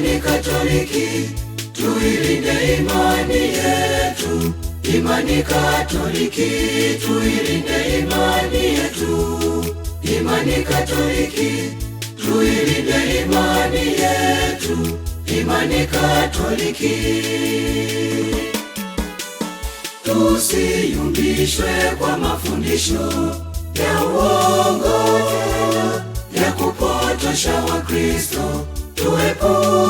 ni Katoliki, tuilinde imani yetu. Imani Katoliki, tuilinde imani yetu. Imani Katoliki, tuilinde imani yetu. Imani Katoliki, tusiyumbishwe kwa mafundisho ya uongo ya kupotosha Wakristo tuwepo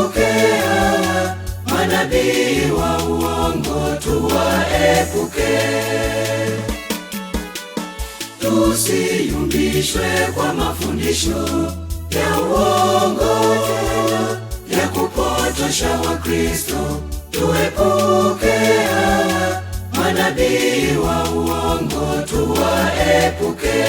manabii wa uongo tuwaepuke, tusiyumbishwe kwa mafundisho ya uongo ya kupotosha Wakristo. Tuepuke hawa manabii wa uongo tuwaepuke.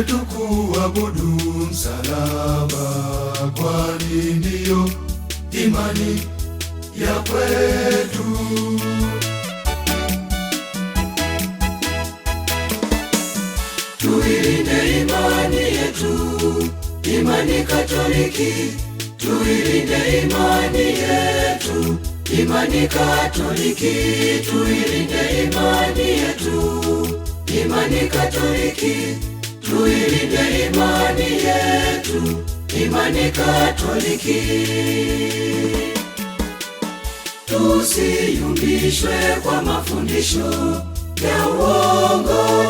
yetu kuabudu msalaba, kwani ndiyo imani ya kwetu. Tuilinde imani yetu, imani Katoliki, tuilinde imani yetu, imani Katoliki, tuilinde imani yetu, imani Katoliki tuilinde imani yetu, imani Katoliki, tusiyumbishwe kwa mafundisho ya uongo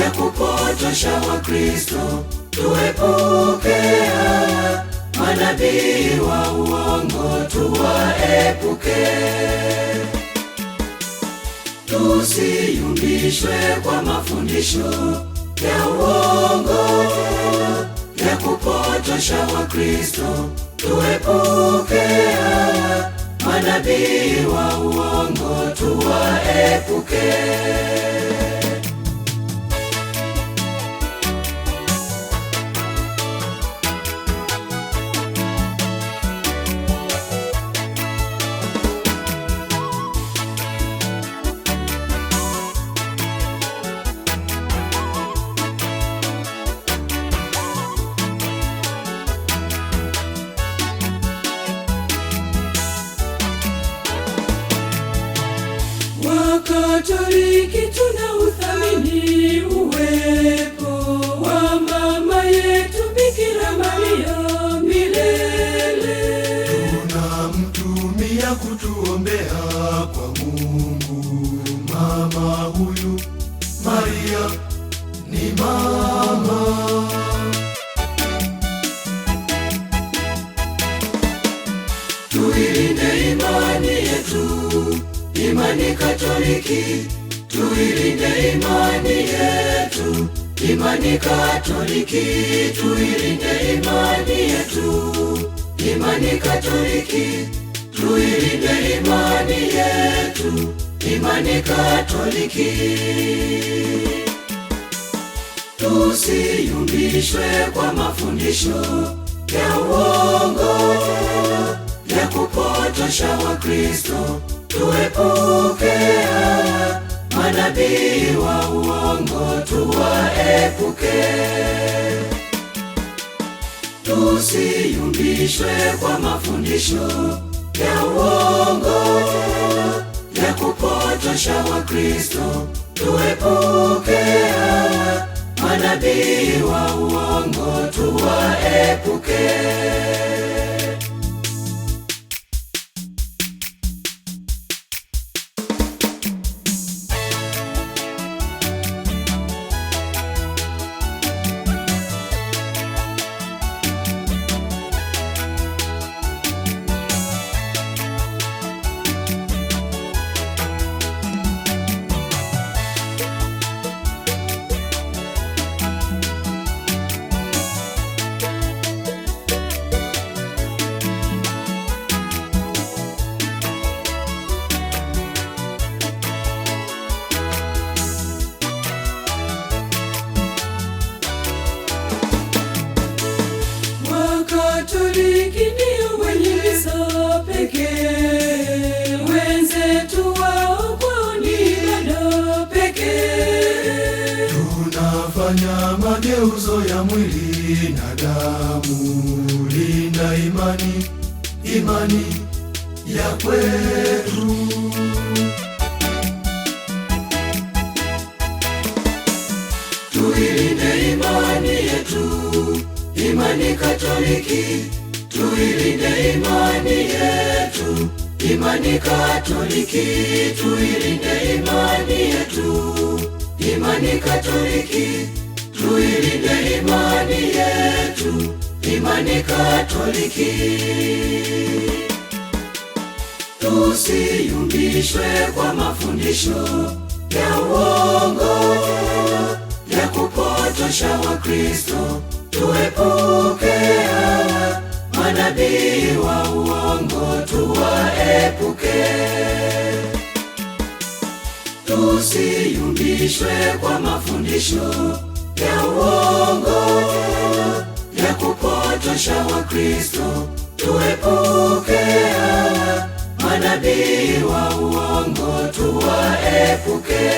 ya kupotosha Wakristo, tuepukea manabii wa uongo, tuwaepuke tusiyumbishwe kwa mafundisho vya uongo tena vya kupotosha Wakristo, tuepuke haya manabii wa uongo, tuwaepuke. hiki tuna uthamini uwepo wa mama yetu Bikira Maria milele, tunamtumia kutuombea kwa Mungu. Mama huyu Maria ni mama Tuilinde imani yetu, imani Katoliki tuilinde imani yetu, imani Katoliki, tuilinde imani yetu, imani Katoliki, tuilinde imani yetu, imani Katoliki. Tusiyumbishwe kwa mafundisho ya uongo ya kupotosha Wakristo, tuepukea manabii wa uongo tuwaepuke, tusiyumbishwe kwa mafundisho ya uongo ya kupotosha wa Kristo, Tuepuke manabii wa uongo tuwaepuke. Lakini wenye visa pekee, wenzetu ni bado pekee. Tunafanya mageuzo ya mwili na damu. Linda imani, imani ya kwetu. Tuilinde imani yetu, imani Katoliki tuilinde imani yetu, imani Katoliki tuilinde imani yetu, imani Katoliki tuilinde imani yetu, imani Katoliki tusiyumbishwe kwa mafundisho ya uongo ya kupotosha Wakristo tuepuke manabii wa uongo tuwaepuke, tusiyumbishwe kwa mafundisho ya uongo ya kupotosha Wakristo, tuepuke manabii wa uongo tuwaepuke.